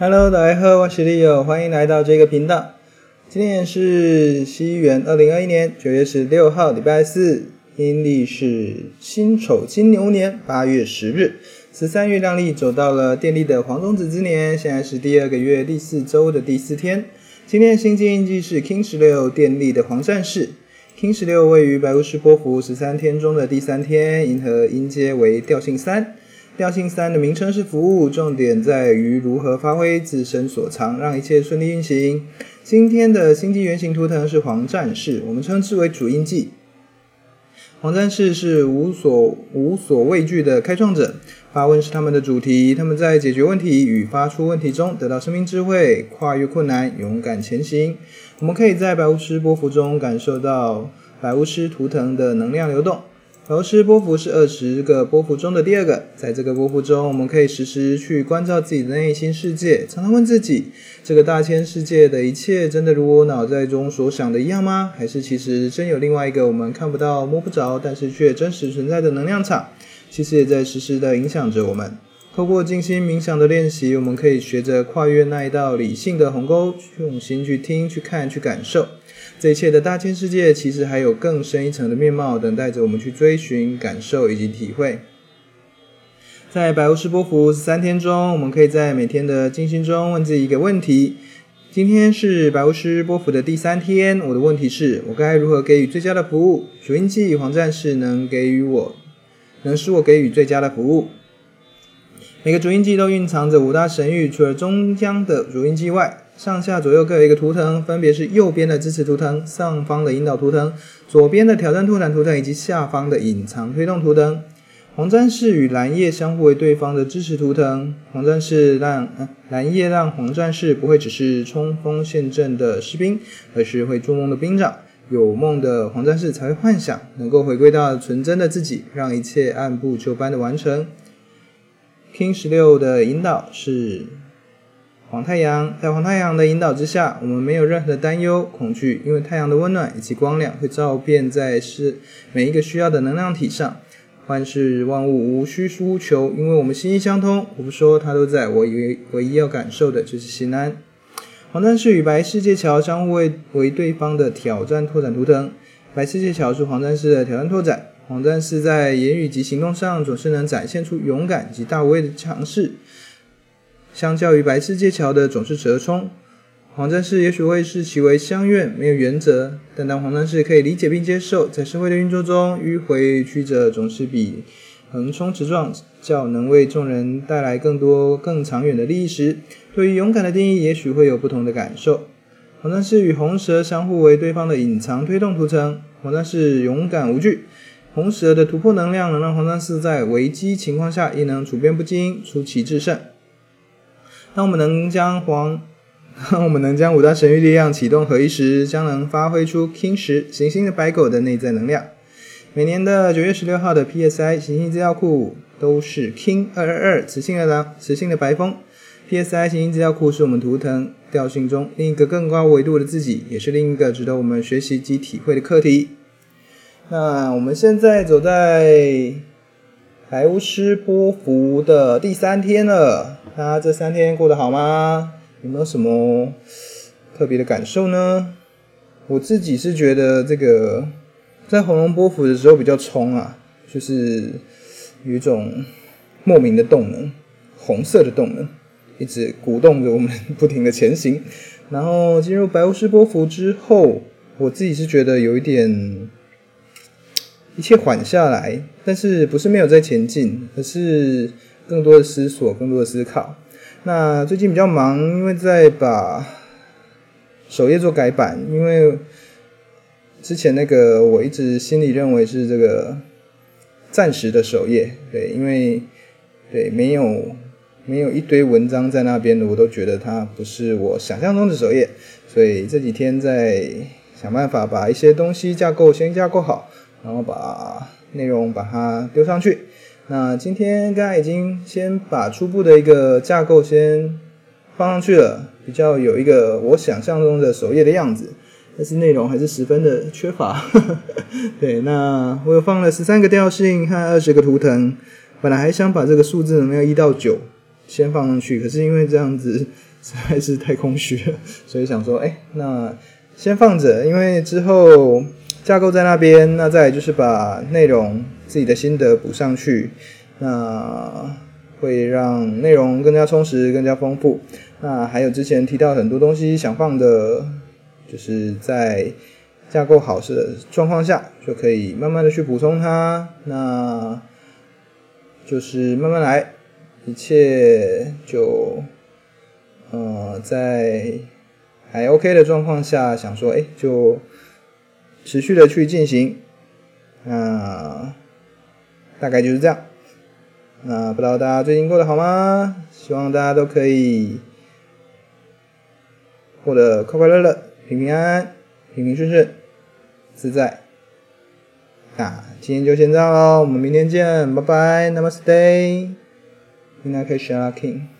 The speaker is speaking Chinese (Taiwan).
哈嘍，大家好，我是 Leo，歡迎來到這個頻道。今天是西元二零二一年九月十六號，禮拜四，陰曆是辛丑金牛年八月十日，十三月亮曆走到了電力的黃種子之年，現在是第二個月第四周的第四天。今天星界印記是 KIN 十六，電力的黃戰士。KIN 十六位於白巫師波符十三天中的第三天，銀河音階為調性三。調性三的名稱是服務，重點在於如何發揮自身所長，讓一切順利運行。今天的星際原型圖騰是黃戰士，我們稱之為主印記。黃戰士是無所無所畏懼的開創者，發問是他們的主題。他們在解決問題與发出問題中得到生命智慧，跨越困難，勇敢前行。我們可以在白巫師波符中感受到白巫師圖騰的能量流動。然師波符，是二十個波符中的第二個。在這個波符中，我們可以時時去觀照自己的內心世界，常常問自己：這個大千世界的一切，真的如我腦袋中所想的一樣嗎？還是其實真有另外一個我們看不到、摸不着，但是却真實存在的能量場，其實也在時時的影響着我們。透過靜心冥想的練習，我們可以學着跨越那一道理性的鴻溝，用心去聽、去看、去感受。這一切的大千世界，其實還有更深一層的面貌等待着我們去追尋、感受以及體會。在白巫師波符三天中，我們可以在每天的靜心中問自己一個問題：今天是白巫師波符的第三天，我的問題是：我該如何給予最佳的服務？水印記黃戰士能給予我，能使我給予最佳的服務。每個主印記都蘊藏着五大神諭，除了中央的主印記外，上下左右各有一個圖騰，分別是右邊的支持圖騰、上方的引導圖騰、左邊的挑戰拓展圖騰以及下方的隱藏推動圖騰。黃戰士與藍夜相互為對方的支持圖騰。黃戰士讓、啊、藍夜讓黃戰士不會只是衝鋒陷陣的士兵，而是會做夢的兵長。有夢的黃戰士才會幻想能夠回歸到純真的自己，讓一切按部就班的完成。KIN 十六的引導是黃太陽，在黃太陽的引導之下，我們沒有任何的擔憂、恐懼，因為太陽的溫暖以及光亮會照遍在是每一個需要的能量體上，萬事萬物無需輸求，因為我們心意相通。我不說它都在，我以為唯一要感受的就是心安。黃戰士與白世界橋相互為為對方的挑戰拓展圖騰，白世界橋是黃戰士的挑戰拓展。黃戰士在言語及行動上總是能展現出勇敢及大無畏的強勢，相較於白世界橋的總是折衝，黃戰士也許會視其為鄉愿沒有原則。但當黃戰士可以理解並接受，在社會的運作中迂回曲折總是比橫衝直撞較能為眾人帶來更多更長遠的利益時，對於勇敢的定義也許會有不同的感受。黃戰士與紅蛇相互為對方的隱藏推動圖層，黃戰士勇敢無懼。紅蛇的突破能量能讓黃戰士在危機情況下亦能處變不驚、出奇制勝。當我們能將黃，當我們能將五大神域力，力量啟動合一時，將能發揮出 KIN 10，行星的白狗的內在能量。每年的九月十六號的 PSI 行星資料庫都是 KIN 二二二磁性的白磁性的白風。PSI 行星資料庫是我們圖騰調性中另一個更高維度的自己，也是另一個值得我們學習及體會的課題。那我們現在走在白巫師波符的第三天了。大家這三天過得好嗎？有沒有什麼特別的感受呢？我自己是覺得這個在紅龍波符的時候比較衝啊，就是有一種莫名的動能，紅色的動能一直鼓動着我們不停的前行。然後進入白巫師波符之後，我自己是覺得有一點。一切緩下來，但是不是沒有在前進，而是更多的思索，更多的思考。那最近比較忙，因為在把首頁做改版，因為之前那個我一直心裡認為是這個暫時的首頁，對，因為對，沒有沒有一堆文章在那邊的，我都覺得它不是我想象中的首頁，所以這幾天在想辦法把一些東西架構先架構好。然後把內容把它丟上去。那今天大家已經先把初步的一個架構先放上去了，比較有一個我想象中的首頁的樣子。但是內容還是十分的缺乏。呵呵，對，那我有放了十三個調性和二十個圖騰。本來還想把這個數字有一到九先放上去，可是因為這樣子實在是太空虛了，所以想說，哎，那先放着，因為之後。架構在那邊，那再就是把內容自己的心得補上去，那會讓內容更加充實、更加豐富。那還有之前提到很多東西想放的，就是在架構好的狀況下，就可以慢慢的去補充它。那就是慢慢來，一切就呃在還 OK 的狀況下，想說哎、欸、就。持續的去進行，那大概就是這樣。那不知道大家最近過得好嗎？希望大家都可以過得快快樂樂、平平安安、平平順順、自在。那今天就先這樣嘍，我們明天見，拜拜，Namaste，In Lak'ech Ala K'in。Namaste